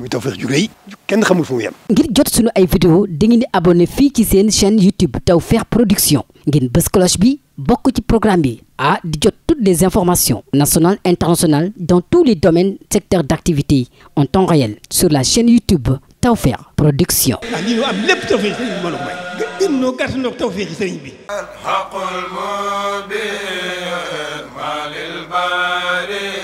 muy Tawfekh ju rëy kenn xamul fu mu ngir jot sunu ay vidéo dangeen di abonné fii ci seen chaîne YouTube Tawfekh Production ngeen bës bi bokk ci programme bi a di jot toutes les informations nationales internationales dans tous les domaines secteurs d'activité en temps réel sur la chaîne YouTube Tawfekh Production. ah lii ñu am lépp Tawfekh sëriñ bi mbooloo mooy. gën gën malil bari.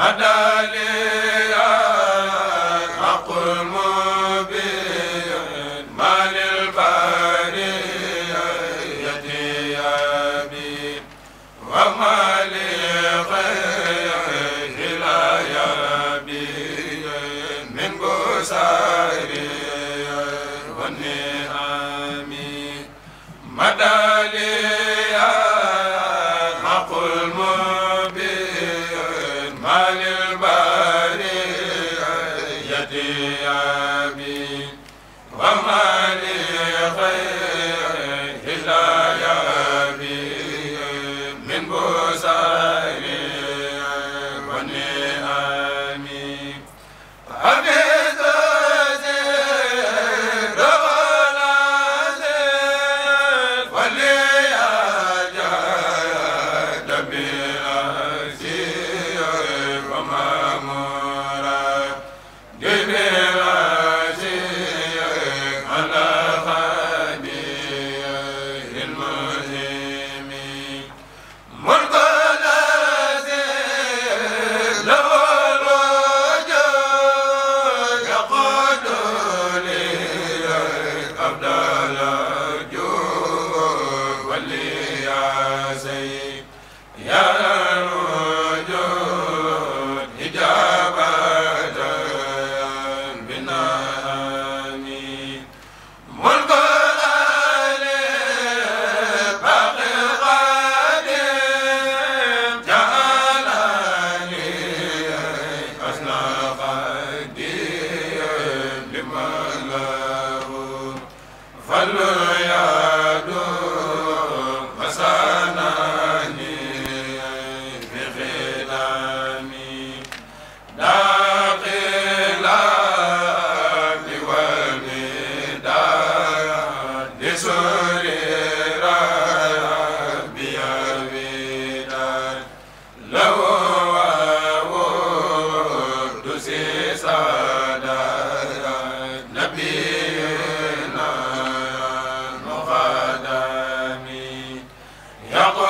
adali aqul وما لي خير yaa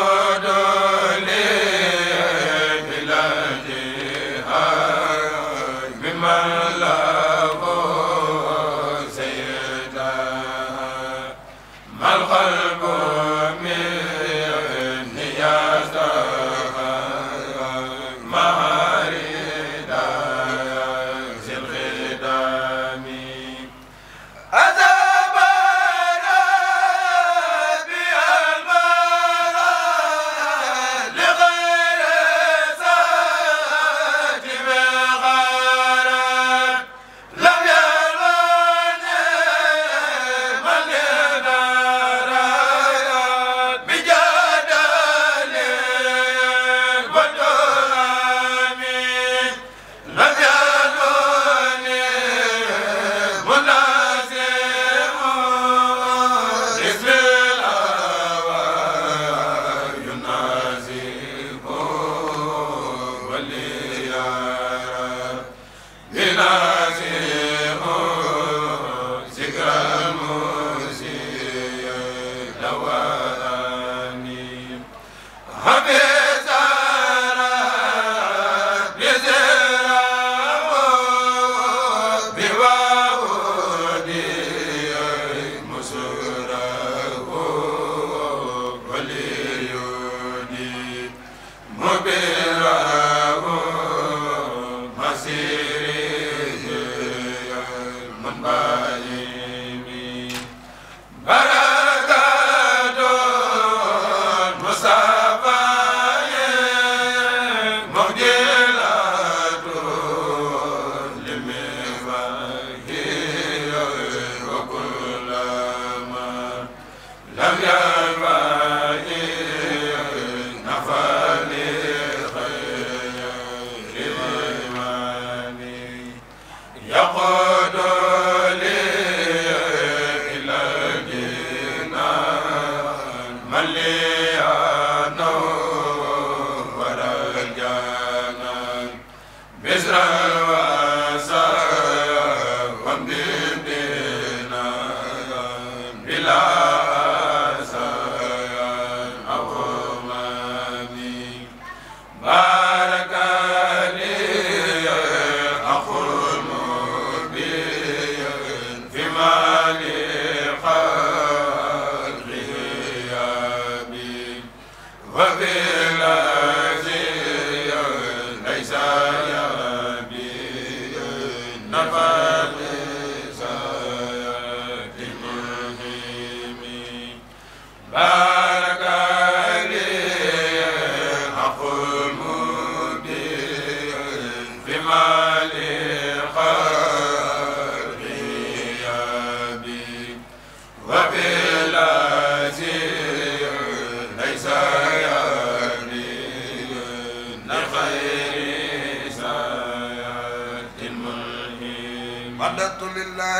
Amen.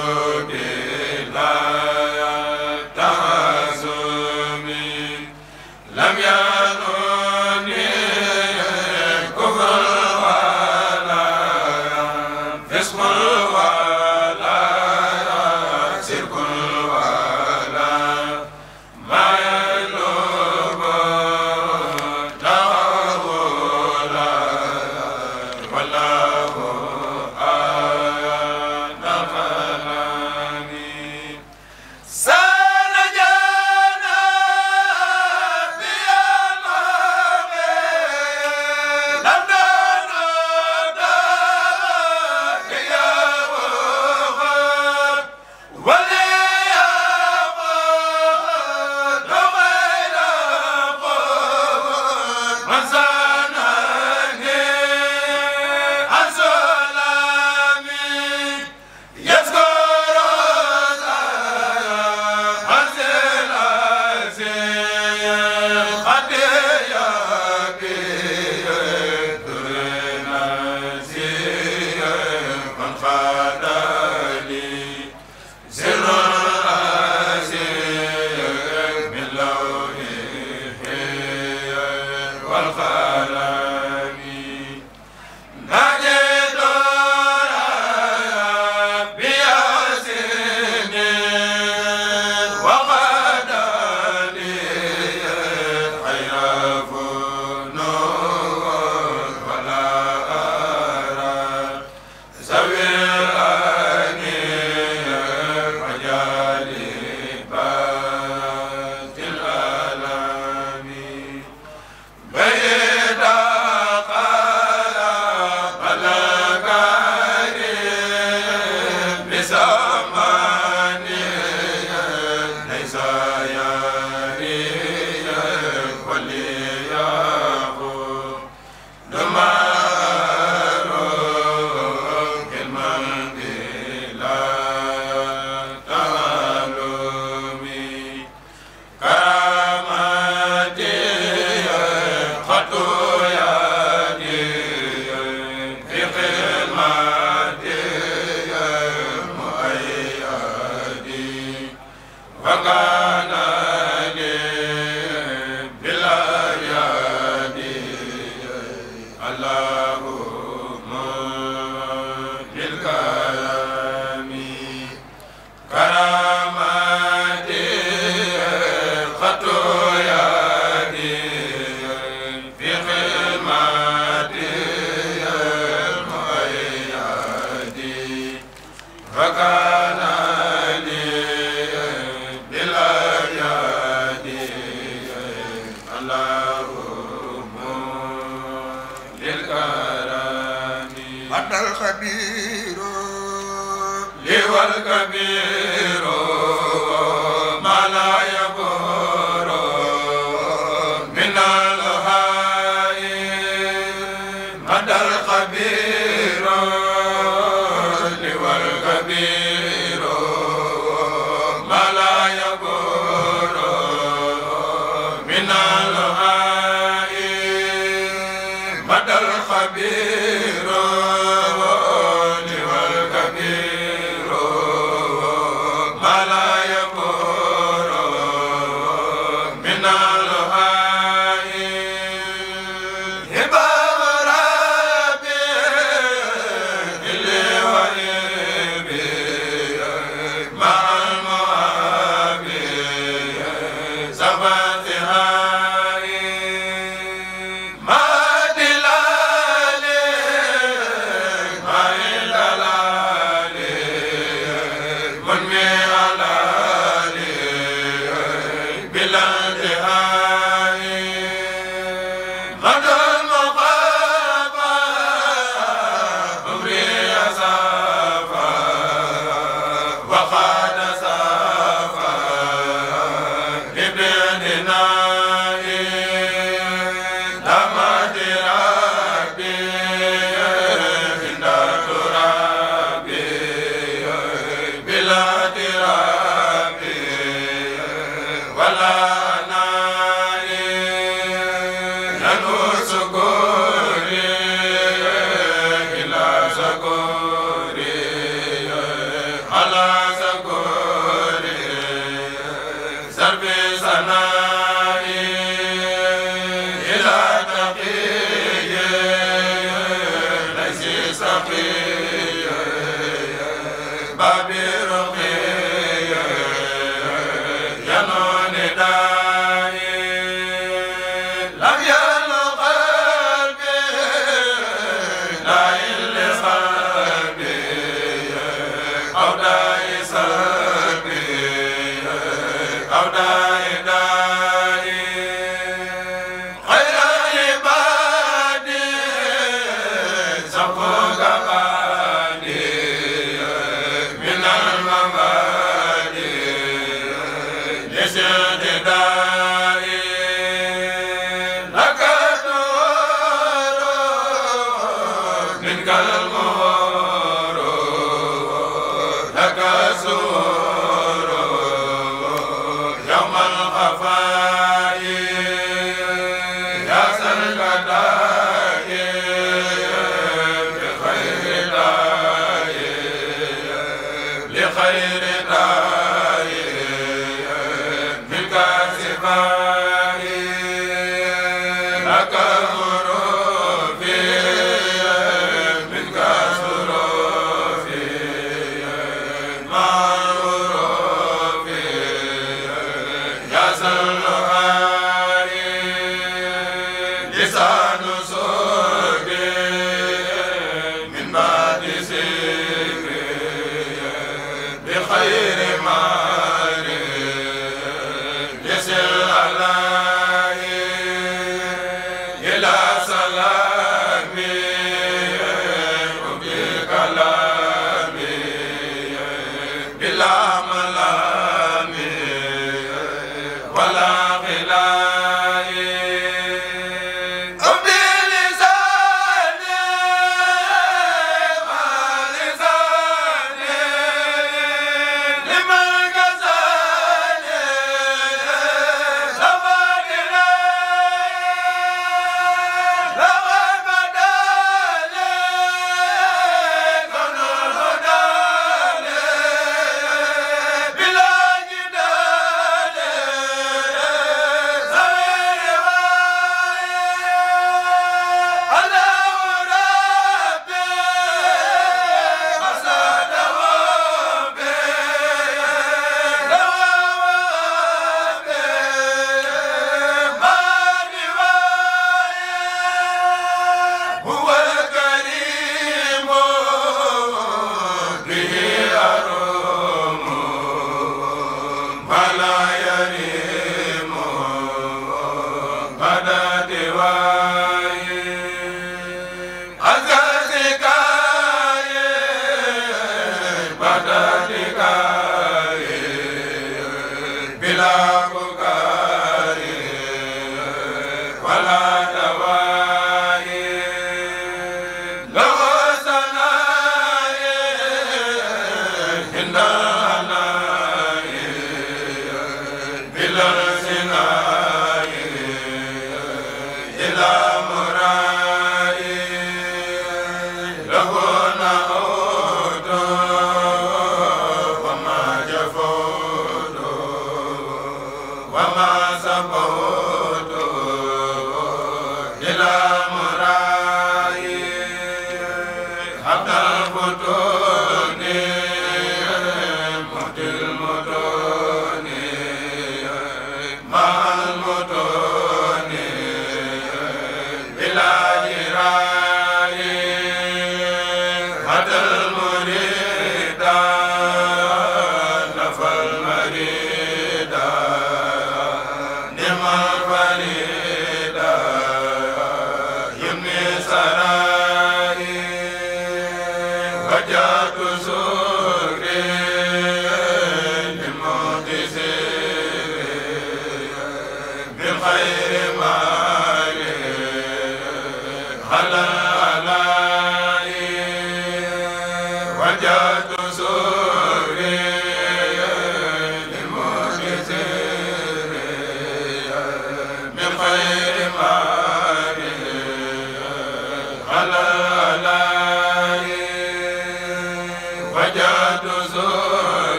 again. ka خبير لوالكبير ala خير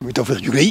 muy tawfeex ju rëy